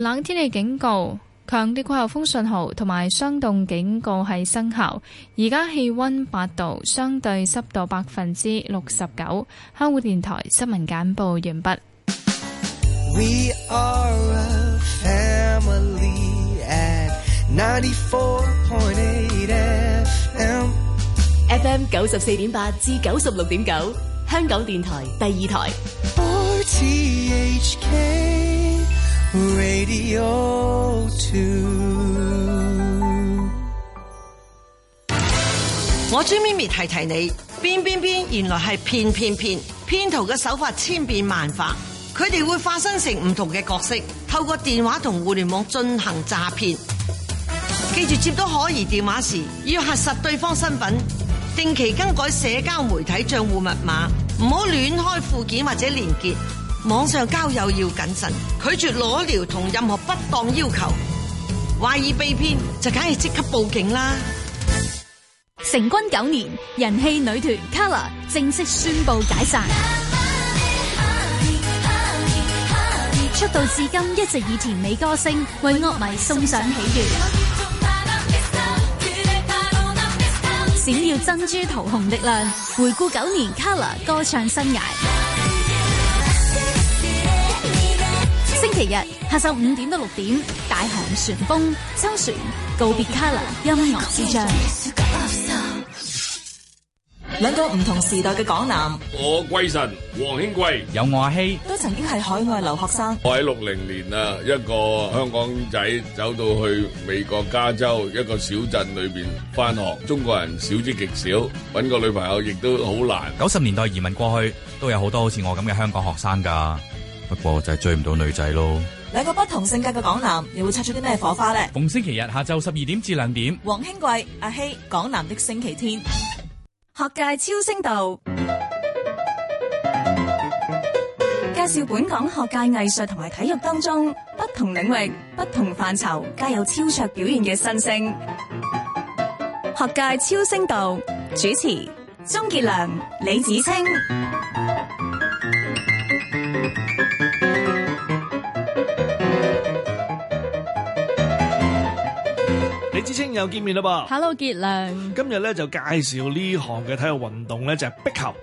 冷天氣警告，強烈季候風信號同埋霜凍警告係生效。而家氣溫八度，相對濕度百分之六十九。香港電台新聞簡報完畢。FM 九十四點八至九十六點九，香港電台第二台。Radio Two，我追咪咪提提你，變變變原來係騙騙騙，騙徒嘅手法千變萬化，佢哋會化身成唔同嘅角色，透過電話同互聯網進行詐騙。記住接到可疑電話時，要核實對方身份，定期更改社交媒體賬戶密碼，唔好亂開附件或者連結。網上交友要謹慎，拒絕裸聊同任何不當要求。懷疑被騙就梗係即刻報警啦！成軍九年，人氣女團 Color 正式宣布解散。 出道至今一直以甜美歌聲為樂迷送上喜悅。閃 耀珍珠桃紅力量，回顧九年 Color 歌唱生涯。日下晝五點到六點，大航旋風、秋旋告別卡拉音樂之章，兩個唔同時代嘅港男，我歸神黃興貴，有我阿希，都曾經係海外留學生。我喺六零年啊，一個香港仔走到去美國加州一個小鎮裏邊返學，中國人少之極少，搵個女朋友亦都好難。九十年代移民過去，都有好多好似我咁嘅香港學生㗎。不過就係追唔到女仔咯。兩個不同性格嘅港男，你會擦出啲咩火花咧？逢星期日下晝十二點至兩點，黃興貴、阿希、港男的星期天，學界超星道 介紹本港學界、藝術同埋體育當中不同領域、不同範疇皆有超卓表現嘅新星。 學界超星道主持：鍾杰良、李芷菁。又見面啦噃，Hello 傑良，今日咧就介紹呢行嘅體育運動咧，就係壁球。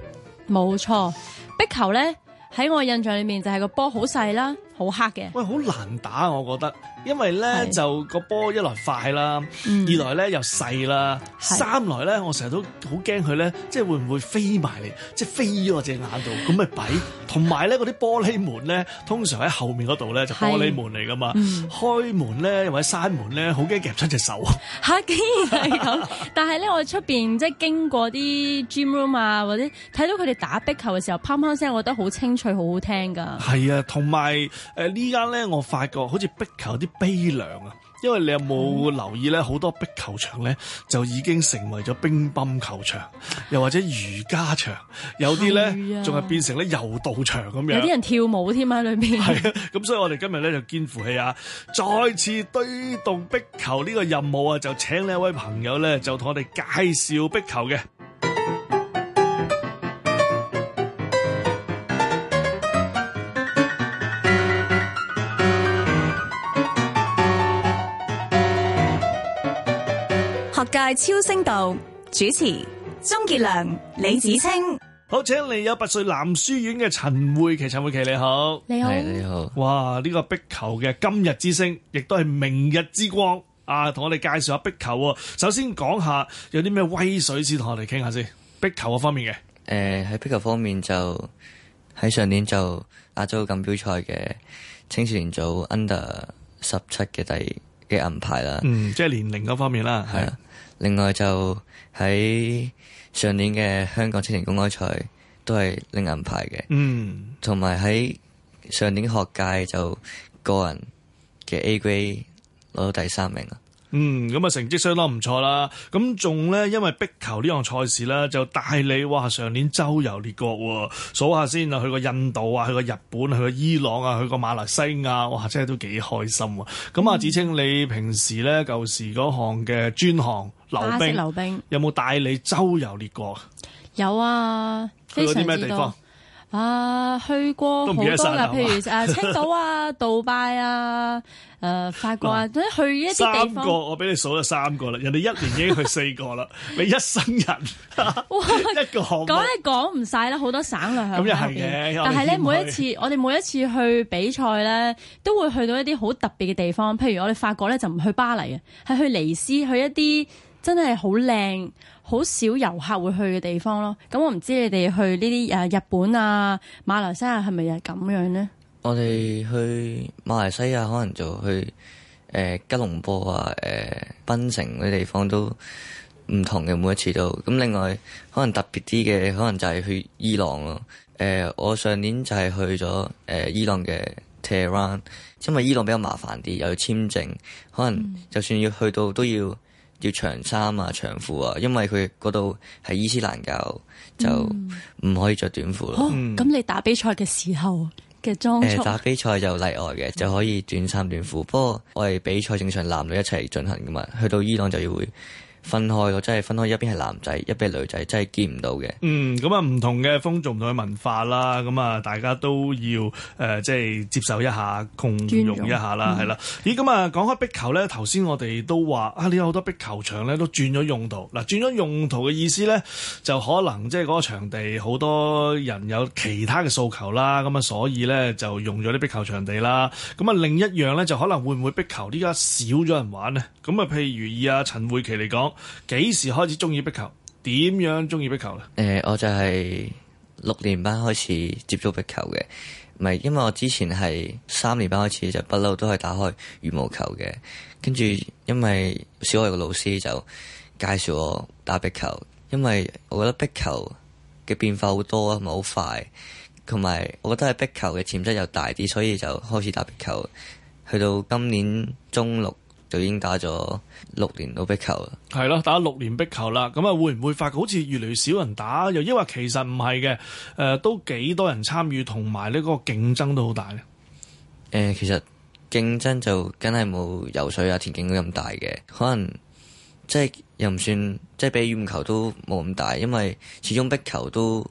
冇錯，壁球咧喺我印象裏面就係個波好細啦。好黑嘅，喂，好難打，我覺得，因為咧就個波一來快啦，二來咧又細啦，三來咧我成日都好驚佢咧，即係會唔會飛埋嚟，即係飛咗我隻眼度，咁咪弊。同埋咧嗰啲玻璃門咧，通常喺後面嗰度咧就玻璃門嚟噶嘛，開門咧或者閂門咧，好驚夾親隻手。啊。吓，竟然係咁？但係咧我出邊即係經過啲 gym room 啊，或者睇到佢哋打壁球嘅時候，乓乓聲，我覺得好清脆，好好聽噶。係啊，同埋。誒，呃、間，呢家咧我發覺好似壁球有啲悲涼啊，因為你有冇留意咧，好、嗯、多壁球場咧就已經成為咗乒乓球場，又或者瑜伽場，有啲咧仲係變成咧柔道場咁樣。有啲人跳舞添喺裏面，係 啊，咁所以我哋今日咧就肩負起啊，再次推動壁球呢個任務啊，就請呢位朋友咧就同我哋介紹壁球嘅。界超聲道主持鍾傑良、李芷菁，好，請嚟有拔萃男書院嘅陳匯棋，陳匯棋，你好，你好，你好，哇！呢、這個壁球嘅今日之星，亦都係明日之光啊！同我哋介紹下壁球啊，首先講下有啲咩威水事同我哋傾下先，壁球嘅方面嘅，誒、呃，喺壁球方面就喺上年就亞洲錦標賽嘅青少年組 under 十七嘅第嘅銀牌啦，嗯，即、就、係、是、年齡嗰方面啦，係啊。另外就喺上年嘅香港青年公開賽都係拎銀牌嘅，嗯，同埋喺上年學界就個人嘅 A grade 攞到第三名啊。嗯，咁啊成績相當唔錯啦。咁仲咧，因為壁球呢項賽事咧，就帶你哇上年周遊列國，啊。數下先啊，去過印度啊，去過日本，啊，去過伊朗啊，去過馬來西亞，哇，真係都幾開心，啊。咁、嗯、啊，子清，你平時咧舊時嗰項嘅專項溜冰，溜冰有冇帶你周遊列國啊？有啊，去過啲咩地方？啊，去過好多啦，譬如誒青島啊、杜拜啊、誒法國啊，去一啲地方。三個我俾你數咗三個啦，人哋一年已經去四個啦，你一生人哇一個講係講唔晒啦，好多省略響。咁又係嘅，但係咧每一次我哋每一次去比賽咧，都會去到一啲好特別嘅地方，譬如我哋法國咧就唔去巴黎嘅，係去尼斯去一啲。真係好靚，好少遊客會去嘅地方咯。咁、嗯、我唔知你哋去呢啲誒日本啊、馬來西亞係咪又係咁樣呢？我哋去馬來西亞可能就去誒、呃、吉隆坡啊、誒、呃、檳城嗰啲地方都唔同嘅，每一次都咁。嗯、另外可能特別啲嘅，可能就係去伊朗咯。誒、呃，我上年就係去咗誒、呃、伊朗嘅 Tehran，因為伊朗比較麻煩啲，又要簽證，可能就算要去到都要。要長衫啊、長褲啊，因為佢嗰度係伊斯蘭教，嗯、就唔可以着短褲咯。咁你打比賽嘅時候嘅裝？誒，打比賽就例外嘅，嗯、就可以短衫短褲。不過我哋比賽正常男女一齊進行噶嘛，去到伊朗就要會。分開，我真係分開，一邊係男仔，一邊係女仔，真係見唔到嘅。嗯，咁啊，唔同嘅風俗唔同嘅文化啦，咁啊，大家都要誒、呃，即係接受一下，共融一下啦，係用啦。咦，咁啊，講開壁球咧，頭先我哋都話啊，你有好多壁球場咧都轉咗用途。嗱、啊，轉咗用途嘅意思咧，就可能即係嗰個場地好多人有其他嘅訴求啦，咁啊，所以咧就用咗啲壁球場地啦。咁啊，另一樣咧就可能會唔會壁球呢，依家少咗人玩呢？咁啊，譬如以阿陳匯棋嚟講。幾時開始鍾意壁球？點樣鍾意壁球咧？誒、呃，我就係六年班開始接觸壁球嘅。唔係因為我之前係三年班開始就不嬲都係打開羽毛球嘅，跟住因為小學嘅老師就介紹我打壁球，因為我覺得壁球嘅變化好多啊，唔係好快，同埋我覺得係壁球嘅潛質又大啲，所以就開始打壁球，去到今年中六。就已經打咗六年到壁球啦，係咯，打咗六年壁球啦，咁啊會唔會發覺好似越嚟越少人打？又抑或其實唔係嘅？誒、呃，都幾多人參與，同埋呢個競爭都好大咧。誒、呃，其實競爭就梗係冇游水啊、田徑咁大嘅，可能即係又唔算，即係比羽毛球都冇咁大，因為始終壁球都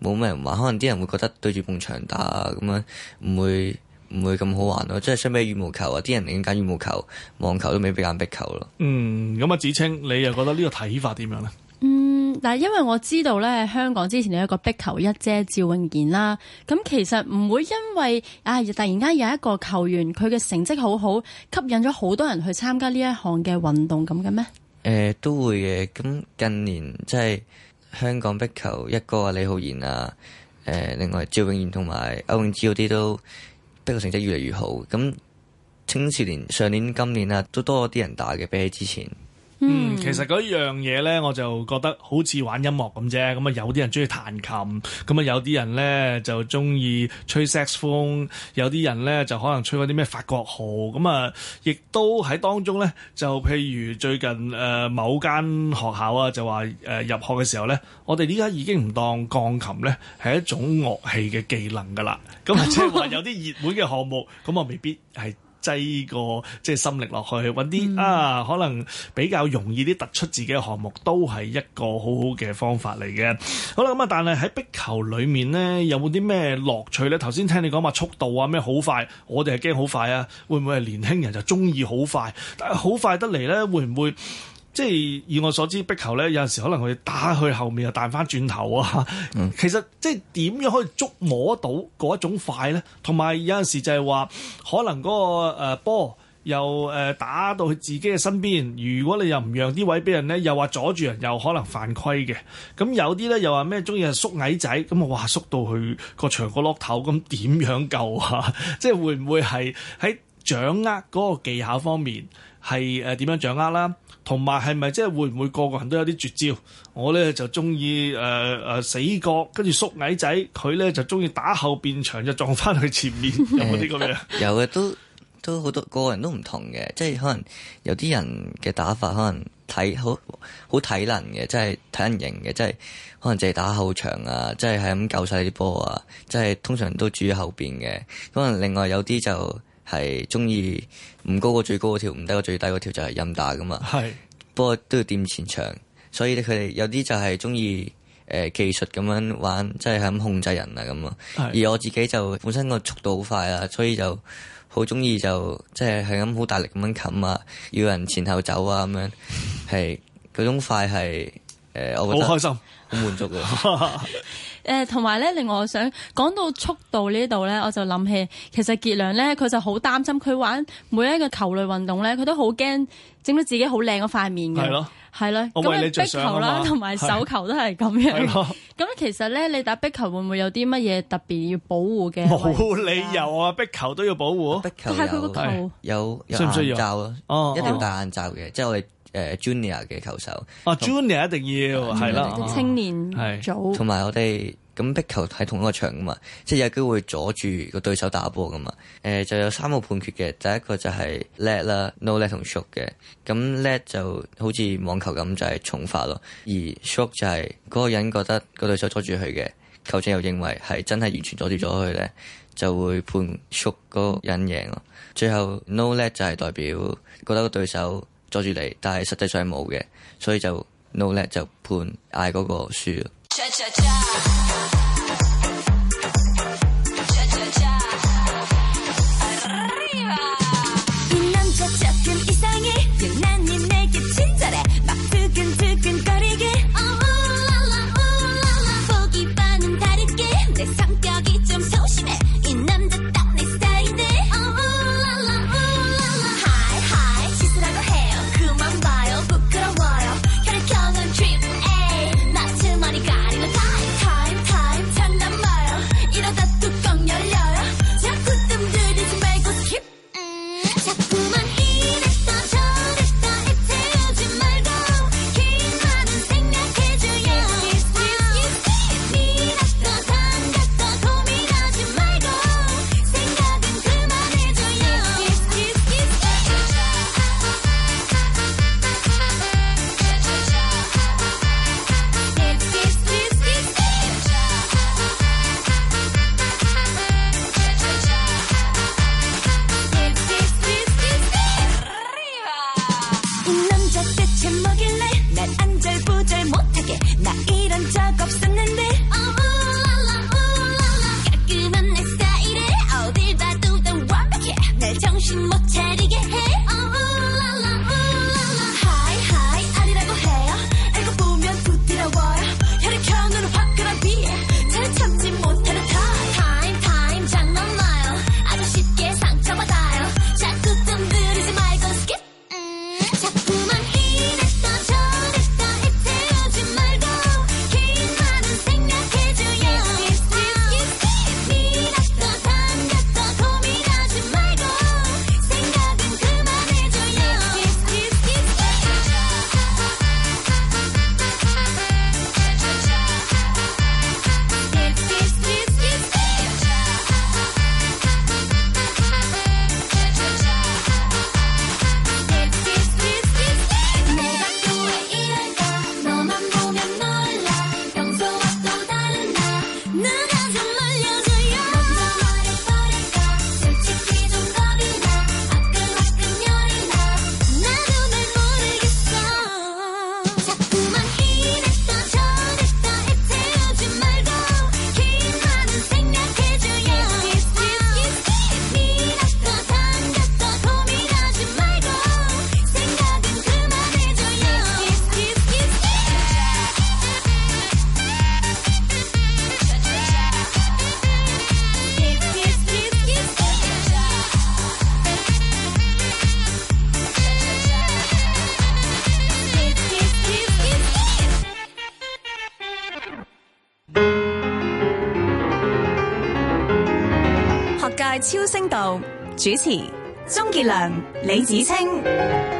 冇咩人玩，可能啲人會覺得對住埲牆打咁樣唔會。唔會咁好玩咯，即係相比羽毛球啊，啲人寧願揀羽毛球，網球都未必揀壁球咯。嗯，咁啊，芷菁，你又覺得呢個睇法點樣呢？嗯，但係因為我知道呢，香港之前有一個壁球一姐趙永賢啦，咁其實唔會因為啊，突然間有一個球員佢嘅成績好好，吸引咗好多人去參加呢一項嘅運動咁嘅咩？誒、嗯，都會嘅。咁近年即係香港壁球一哥啊，李浩然啊，誒、嗯，另外趙永賢同埋歐永芝啲都。呢個成績越嚟越好，咁青少年上年、今年啊，都多咗啲人打嘅比起之前。嗯，其實嗰樣嘢咧，我就覺得好似玩音樂咁啫。咁啊，有啲人中意彈琴，咁啊有啲人咧就中意吹 saxophone，有啲人咧就可能吹嗰啲咩法國號。咁啊，亦都喺當中咧，就譬如最近誒、呃、某間學校啊，就話誒、呃、入學嘅時候咧，我哋呢家已經唔當鋼琴咧係一種樂器嘅技能㗎啦。咁即係話有啲熱門嘅項目，咁啊未必係。擠個即係心力落去揾啲、嗯、啊，可能比較容易啲突出自己嘅項目，都係一個好好嘅方法嚟嘅。好啦，咁啊，但係喺壁球裏面咧，有冇啲咩樂趣咧？頭先聽你講話速度啊，咩好快，我哋係驚好快啊，會唔會係年輕人就中意好快？但係好快得嚟咧，會唔會？即係以我所知，壁球咧有陣時可能佢打去後面又彈翻轉頭啊！其實即係點樣可以捉摸到嗰一種快咧？同埋有陣時就係話，可能嗰、那個誒波、呃、又誒打到佢自己嘅身邊，如果你又唔讓啲位俾人咧，又話阻住人，又可能犯規嘅。咁有啲咧又話咩中意縮矮仔咁啊？哇，縮到去個牆角落頭咁，點樣救啊？即係會唔會係喺掌握嗰個技巧方面係誒點樣掌握啦、啊？同埋係咪即係會唔會個個人都有啲絕招？我咧就中意誒誒死角，跟住縮矮仔。佢咧就中意打後邊場就撞翻去前面，有冇啲咁樣？有嘅，都都好多個人都唔同嘅，即係可能有啲人嘅打法可能睇好好體能嘅，即係睇人型嘅，即係可能就係打後場啊，即係係咁救晒啲波啊，即係通常都住喺後邊嘅。可能另外有啲就。係中意唔高過最高嗰條，唔低過最低嗰條就係任打噶嘛。係是，不過都要掂前場，所以咧佢哋有啲就係中意誒技術咁樣玩，即係係咁控制人啊咁啊。而我自己就本身個速度好快啦，所以就好中意就即係係咁好大力咁樣冚啊，要人前後走啊咁樣，係嗰種快係誒，呃、 我覺得。好開心。好滿足嘅，誒，同埋咧，令我想講到速度呢度咧，我就諗起，其實杰良咧，佢就好擔心，佢玩每一個球類運動咧，佢都好驚整到自己好靚嗰塊面嘅，係咯，係咯，咁壁球啦，同埋手球都係咁樣，咁其實咧，你打壁球會唔會有啲乜嘢特別要保護嘅？冇理由啊，壁球都要保護，球係佢個球有需唔需要戴哦，一定要戴眼罩嘅，即係我哋。誒、呃、junior 嘅球手，啊、哦、junior 一定要係、嗯、啦，青年組，同埋、哦、我哋咁逼球喺同一個場噶嘛，即係有機會阻住個對手打波噶嘛。誒、呃，就有三個判決嘅，第一個就係 let 啦，no let 同 stroke 嘅。咁 let 就好似網球咁，就係重發咯。而 stroke 就係嗰個人覺得個對手阻住佢嘅，球證又認為係真係完全阻住咗佢咧，就會判 stroke 嗰個人贏咯。最後 no let 就係代表覺得個對手，阻住你，但係實際上係冇嘅，所以就 no 叻就判嗌嗰個輸。 超聲道主持：鍾傑良、李芷菁。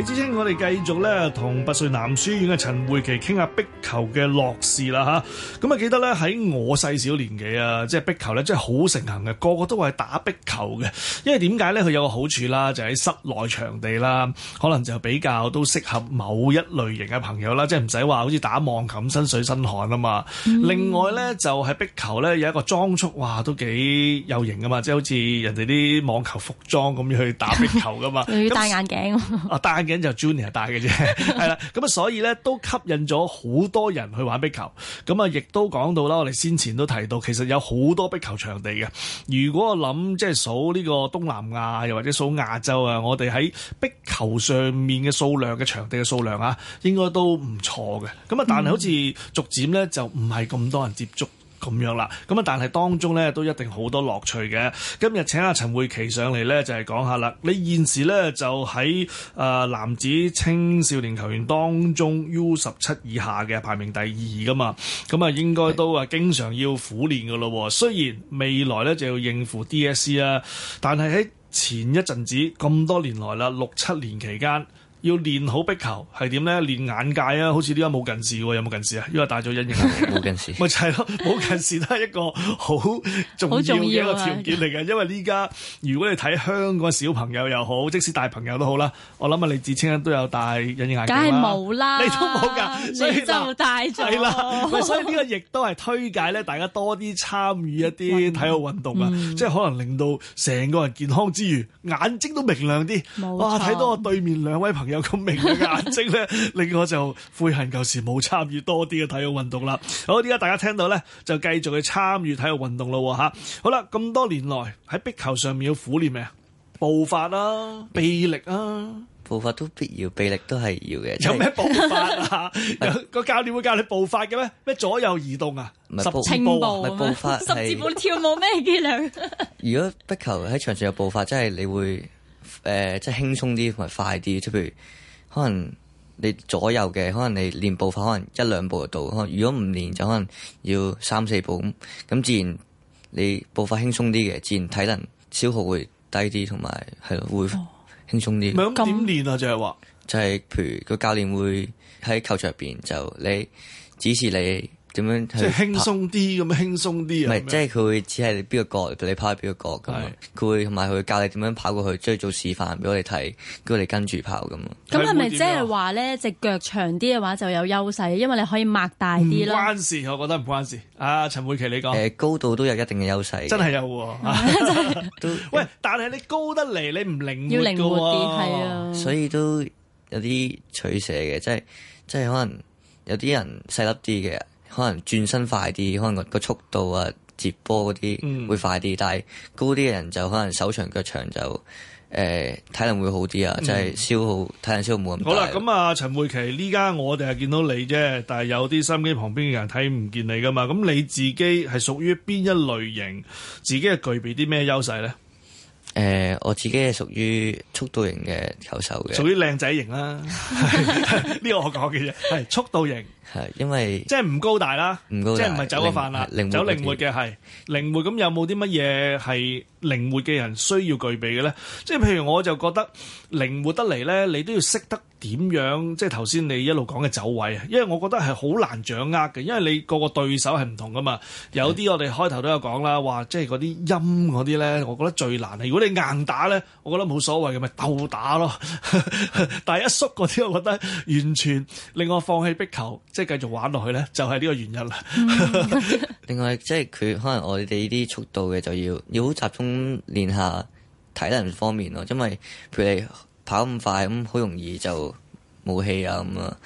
李芷菁，我哋繼續咧同拔萃男書院嘅陳匯棋傾下壁球嘅樂事啦吓。咁啊，記得咧喺我細小，小年紀啊，即係壁球咧，真係好盛行嘅，個個都係打壁球嘅。因為點解咧？佢有個好處啦，就喺、是、室內場地啦，可能就比較都適合某一類型嘅朋友啦，即係唔使話好似打網球，身水身汗啊嘛。嗯、另外咧，就喺、是、壁球咧有一個裝束，哇，都幾有型噶嘛，即、就、係、是、好似人哋啲網球服裝咁去打壁球噶嘛。 戴眼鏡。啊那， 戴。咁就 Junior 代嘅啫，係啦，咁啊，所以咧都吸引咗好多人去玩壁球，咁啊，亦都講到啦，我哋先前都提到，其實有好多壁球場地嘅。如果我諗即係數呢個東南亞，又或者數亞洲啊，我哋喺壁球上面嘅數量嘅場地嘅數量啊，應該都唔錯嘅。咁啊，但係好似逐漸咧就唔係咁多人接觸。咁樣啦，咁啊，但係當中呢都一定好多樂趣嘅。今日請阿陳匯棋上嚟呢，就係、是、講下啦。你現時呢，就喺誒、呃、男子青少年球員當中 U 十七以下嘅排名第二噶嘛，咁啊，應該都啊經常要苦練噶咯。是雖然未來呢就要應付 D.S.C. 啦、啊，但係喺前一陣子咁多年來啦，六七年期間。要練好壁球係點咧？練眼界啊！好似呢家冇近視喎、啊，有冇近視啊？因為戴咗隱形眼鏡、啊。冇近視。咪就係咯，冇近視都係一個好重要嘅一個條件嚟嘅。因為呢家如果你睇香港小朋友又好，即使大朋友好都好、啊、啦，我諗啊，李芷菁都有戴隱形眼鏡啦。梗係冇啦，你都冇㗎，所以就戴曬啦。所以呢個亦都係推介咧，大家多啲參與一啲體育運動啊，嗯、即係可能令到成個人健康之餘，眼睛都明亮啲。哇錯，睇、啊、到我對面兩位朋友。有咁明嘅眼睛咧，令我就悔恨舊時冇參與多啲嘅體育運動啦。好，依家大家聽到咧，就繼續去參與體育運動咯吓。好啦，咁多年來喺壁球上面要苦練咩啊？步法啦、啊，臂力啊，步法都必要，臂力都係要嘅。有咩步法？啊？個教練會教你步法嘅咩？咩左右移動啊？步十步、啊、步伐、啊？步伐十字步跳舞咩技能？如果壁球喺場上有步法，真係你會。誒、呃，即係輕鬆啲同埋快啲，即譬如可能你左右嘅，可能你練步法可能一兩步就到。可能如果唔練就可能要三四步咁，咁自然你步法輕鬆啲嘅，自然體能消耗會低啲，同埋係咯會輕鬆啲。咁點、哦、練啊？那就係話就係譬如個教練會喺球場入邊就你指示你。點樣即係輕鬆啲咁樣輕鬆啲啊？唔係，即係佢會只係邊個角，你跑喺邊個角咁。佢會同埋佢教你點樣跑過去，即係做示範俾我哋睇，叫你跟住跑咁。咁係咪即係話咧？隻腳長啲嘅話就有優勢，因為你可以擘大啲咯。關事，我覺得唔關事。阿陳匯棋，你講誒，高度都有一定嘅優勢，真係有啊。喂，但係你高得嚟，你唔靈活，要靈活啲係啊，所以都有啲取捨嘅，即係即係可能有啲人細粒啲嘅。可能轉身快啲，可能個速度啊、接波嗰啲會快啲，嗯、但係高啲嘅人就可能手長腳長就誒、呃、體能會好啲啊，嗯、就係消耗體能消耗冇咁大。好啦，咁、嗯、啊陳匯棋，呢家我哋係見到你啫，但係有啲心機旁邊嘅人睇唔見你噶嘛，咁你自己係屬於邊一類型？自己係具備啲咩優勢咧？誒、呃，我自己係屬於速度型嘅球手嘅，屬於靚仔型啦、啊，呢個 我講嘅嘢，係速度型。係，因為即係唔高大啦，即係唔係走個範啦，走靈活嘅係靈活。咁有冇啲乜嘢係靈活嘅人需要具備嘅咧？即係譬如我就覺得靈活得嚟，咧你都要識得點樣。即係頭先你一路講嘅走位啊，因為我覺得係好難掌握嘅，因為你個個對手係唔同噶嘛。有啲我哋開頭都有講啦，話，即係嗰啲音嗰啲咧，我覺得最難。如果你硬打咧，我覺得冇所謂嘅，咪鬥打咯。但係一縮嗰啲，我覺得完全令我放棄逼球。即係繼續玩落去咧，就係、是、呢個原因啦。 嗯、 另外，即係佢可能我哋呢啲速度嘅，就要要好集中練下體能方面咯，因為佢哋跑咁快咁，好容易就冇氣啊咁啊。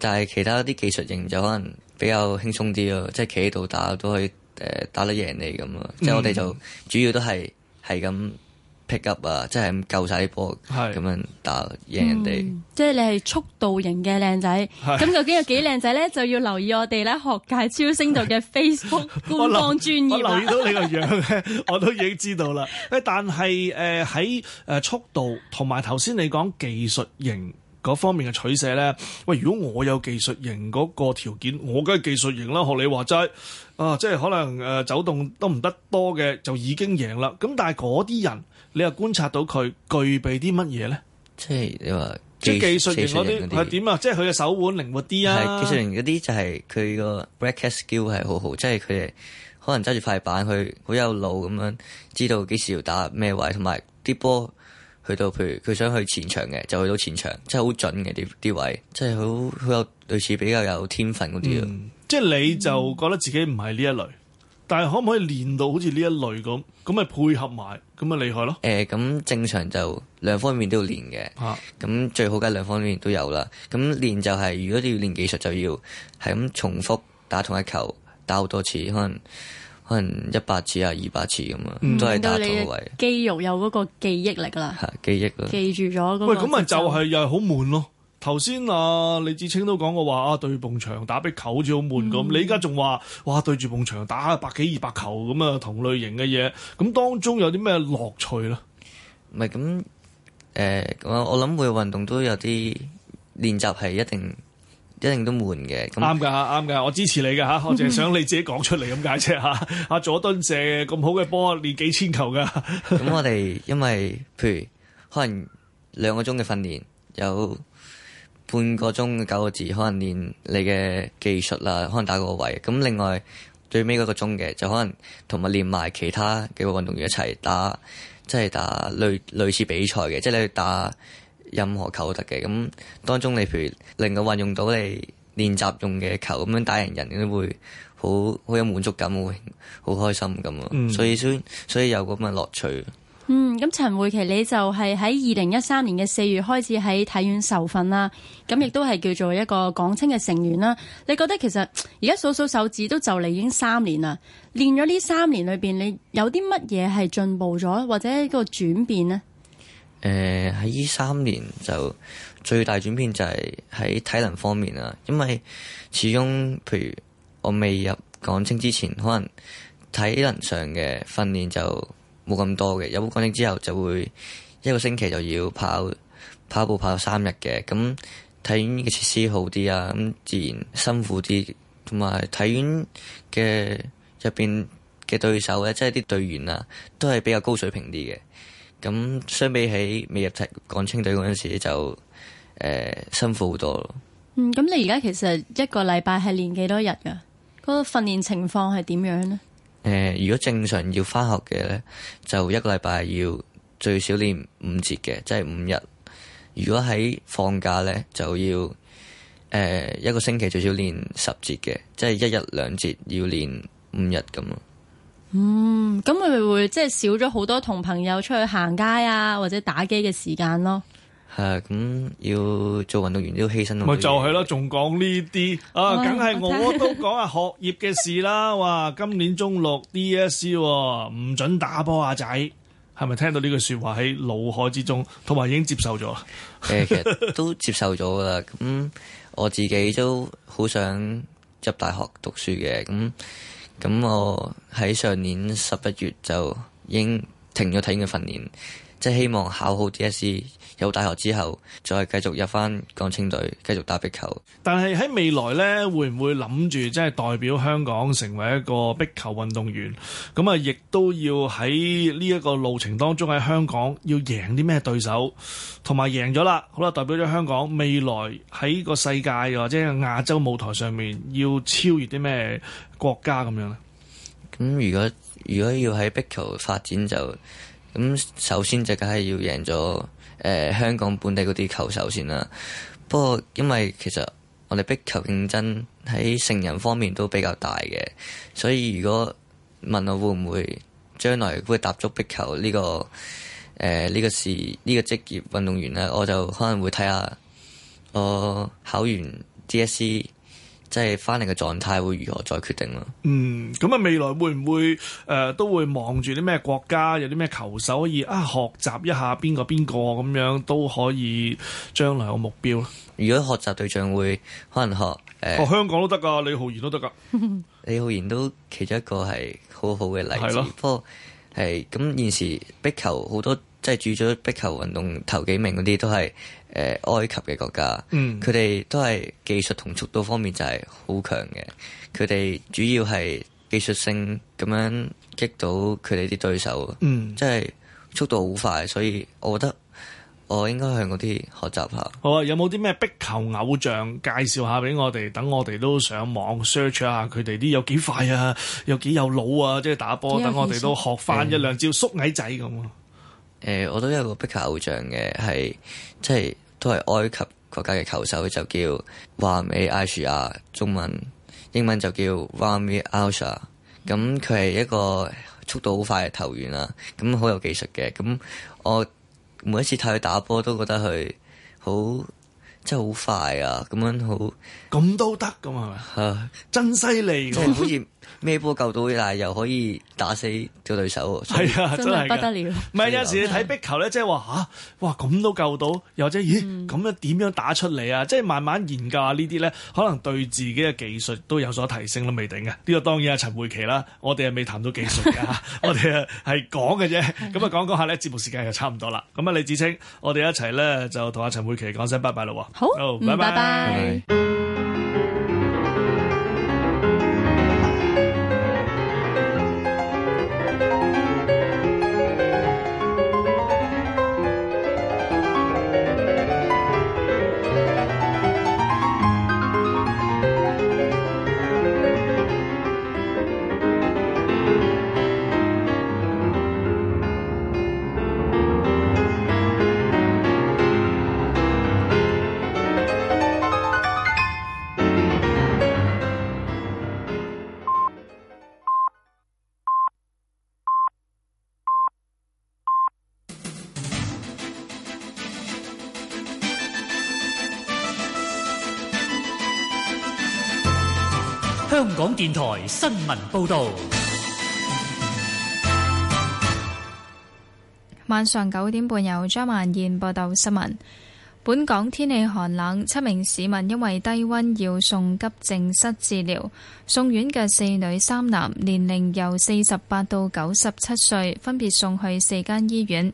但係其他啲技術型就可能比較輕鬆啲咯，即係企喺度打都可以誒、呃、打得贏你咁啊。即、就、係、是、我哋就主要都係係咁。嗯 pick up 啊，即係咁救晒啲波，咁樣打贏，嗯、人哋。即係你係速度型嘅靚仔，咁 究竟有幾靚仔咧？就要留意我哋咧學界超新星嘅 Facebook 官方專頁 留，留意到你個樣 我都已經知道啦。誒，但係誒喺誒速度同埋頭先你講技術型。嗰方面嘅取捨咧，喂，如果我有技術型嗰個條件，我梗係技術型啦。學你話齋啊，即係可能誒走動都唔得多嘅，就已經贏啦。咁但係嗰啲人，你又觀察到佢具備啲乜嘢咧？即係你話即係技術型嗰啲係點啊？即係佢嘅手腕靈活啲啊！技術型嗰啲就係佢個 racket skill 係好好，即係佢可能揸住塊板佢好有腦咁樣，知道幾時要打咩位，同埋啲波。去到，譬如佢想去前場嘅，就去到前場，即係好準嘅啲啲位，即係好好有類似比較有天分嗰啲，嗯、即係你就覺得自己唔係呢一類，嗯、但係可唔可以練到好似呢一類咁？咁咪配合埋，咁咪厲害咯。誒、欸，咁正常就兩方面都要練嘅。咁最好嘅兩方面都有啦。咁練、啊、就係、是，如果你要練技術，就要係咁重複打同一球，打好多次，可能。可能一百次啊，二百次咁啊，嗯、都係打同位到你肌肉有嗰個記憶力啦，係記憶，記住咗。喂，咁咪就係又係好悶咯。頭先啊，李芷菁都講過話啊，對碰牆打壁球好似好悶咁。嗯、你而家仲話哇，對住碰牆打百幾二百球咁啊，同類型嘅嘢，咁當中有啲咩樂趣咧？唔係咁，誒、呃，我我諗每個運動都有啲練習係一定，一定都悶嘅，啱噶，啱噶，我支持你噶嚇，我淨係想你自己講出嚟咁解啫嚇。阿、 啊、佐敦借咁好嘅波練幾千球噶，咁 我哋因為譬如可能兩個鐘嘅訓練，有半個鐘九個字，可能練你嘅技術啦，可能打個位。咁另外最尾嗰個鐘嘅就可能同埋練埋其他幾個運動員一齊打，即、就、係、是、打類類似比賽嘅，即係你打。任何球都得嘅，咁當中你譬如令佢運用到你練習用嘅球咁樣打贏人，你都會好好有滿足感，會好開心咁啊、嗯，所以所以有咁嘅樂趣。嗯，咁陳匯棋，你就係喺二零一三年嘅四月開始喺體院受訓啦，咁亦都係叫做一個港青嘅成員啦。你覺得其實而家數數手指都就嚟已經三年啦，練咗呢三年裏邊，你有啲乜嘢係進步咗，或者一個轉變呢？誒，喺依、呃、三年就最大轉變就係喺體能方面啦，啊，因為始終譬如我未入港青之前，可能體能上嘅訓練就冇咁多嘅。入咗港青之後就會一個星期就要跑跑步跑三日嘅。咁體院嘅設施好啲啊，咁自然辛苦啲，同埋體院嘅入邊嘅對手咧，即係啲隊員啊，都係比較高水平啲嘅。咁相比起未入隊、港青隊嗰陣時就誒、呃、辛苦好多咯。嗯，咁你而家其實一個禮拜係練幾多日噶？嗰、那個訓練情況係點樣呢？誒、呃，如果正常要翻學嘅咧，就一個禮拜要最少練五節嘅，即、就、係、是、五日。如果喺放假咧，就要誒、呃、一個星期最少練十節嘅，即、就、係、是、一日兩節要練五日咁咯。嗯，咁咪會即係少咗好多同朋友出去行街啊，或者打機嘅時間咯。係啊，咁、嗯、要做運動員都要犧牲。咪就係咯，仲講呢啲啊，梗係我都講下學業嘅事啦、啊。 哇，今年中六 D S C、啊、唔准打波啊仔，係咪聽到呢句說話喺腦海之中，同埋已經接受咗？誒，其實都接受咗噶啦。咁、 嗯、我自己都好想入大學讀書嘅。咁咁我喺上年十一月就已經停咗體育訓練。即係希望考好 DSE，有大學之後再繼續入翻港青隊，繼續打壁球。但係喺未來呢，會唔會諗住即係代表香港成為一個壁球運動員？咁啊，亦都要喺呢一個路程當中喺香港要贏啲咩對手，同埋贏咗啦，好啦，代表咗香港未來喺個世界或者亞洲舞台上面要超越啲咩國家咁樣呢，咁如果如果要喺壁球發展就？咁首先就梗係要贏咗誒香港本地嗰啲球手先啦。不過因為其實我哋壁球競爭喺成人方面都比較大嘅，所以如果問我會唔會將來會踏足壁球呢、呢個誒呢、呃呢個事呢、呢個職業運動員咧，我就可能會睇下我考完 DSE 即係翻嚟嘅狀態會如何，再決定咯。嗯，咁啊，未來會唔會誒、呃，都會望住啲咩國家，有啲咩球手可以啊，學習一下邊個邊個咁樣都可以，將來有目標。如果學習對象會可能學誒，哦、呃，學香港都得噶，李浩然都得噶， 李浩然都其中一個係好好嘅例子。的不過係咁，現時壁球好多，即係住咗壁球運動頭幾名嗰啲都係。誒、呃，埃及嘅國家，佢哋、嗯、都係技術同速度方面就係好強嘅。佢哋主要係技術性咁樣擊到佢哋啲對手，嗯，即係速度好快。所以我覺得我應該向嗰啲學習下。好啊，有冇啲咩壁球偶像介紹下俾我哋？等我哋都上網 search 下佢哋啲有幾快啊，有幾有腦啊？即、就、係、是、打波，等我哋都學翻一兩、嗯、招縮矮仔咁啊！誒、呃，我都有一個壁球偶像嘅，係即係都係埃及國家嘅球手，就叫瓦米艾舒亞，中文、英文就叫 Ramy Ashour。咁佢係一個速度好快嘅球員啦，咁好有技術嘅。咁我每一次睇佢打波，都覺得佢好即係好快啊！咁樣好，咁都得咁係咪？吓 真犀利！好嚴。咩波救到，但又可以打死個對手，係啊，真係不得了。唔係有陣時你睇壁球咧，即係話吓，哇，咁都救到，又或者咦，咁、嗯、樣點樣打出嚟啊？即係慢慢研究下呢啲咧，可能對自己嘅技術都有所提升都未定啊。呢個當然阿陳匯棋啦，我哋係未談到技術嘅 我哋係講嘅啫。咁啊， 講講下咧，節目時間又差唔多啦。咁啊，李芷菁，我哋一齊咧，就同阿陳匯棋講聲拜拜啦，好，拜拜。新聞報道。晚上九點半，有張曼燕報道新聞。本港天氣寒冷，七名市民因為低温要送急症室治療。送院嘅四女三男，年齡由四十八到九十七歲，分別送去四間醫院。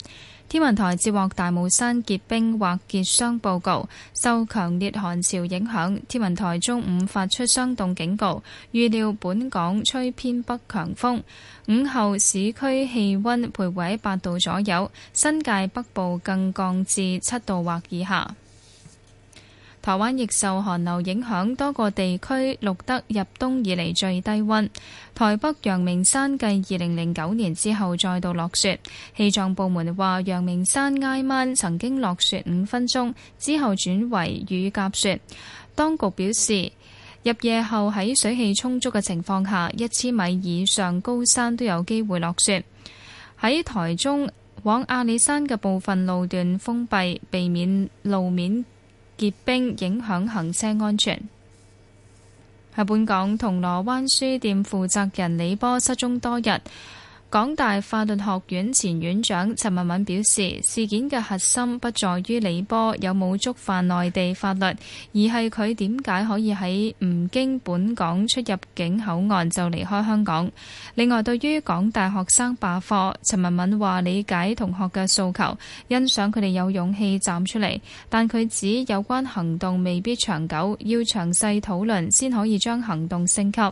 天文台接獲大帽山結冰或結霜報告。受強烈寒潮影響，天文台中午發出霜凍警告，預料本港吹偏北強風，午後市區氣温徘徊八度左右，新界北部更降至七度或以下。台灣亦受寒流影響，多個地區錄得入冬以來最低温。台北陽明山繼二零零九年之後再度落雪。氣象部門話，陽明山挨晚曾經落雪五分鐘，之後轉為雨夾雪。當局表示，入夜後喺水氣充足嘅情況下，一千米以上高山都有機會落雪。喺台中往阿里山嘅部分路段封閉，避免路面結冰影響行車安全。喺本港，銅鑼灣書店負責人李波失蹤多日。港大法律學院前院長陳文敏表示，事件嘅核心不在於李波有冇觸犯內地法律，而係佢點解可以喺唔經本港出入境口岸就離開香港。另外，對於港大學生罷課，陳文敏話理解同學嘅訴求，欣賞佢哋有勇氣站出嚟，但佢指有關行動未必長久，要詳細討論先可以將行動升級。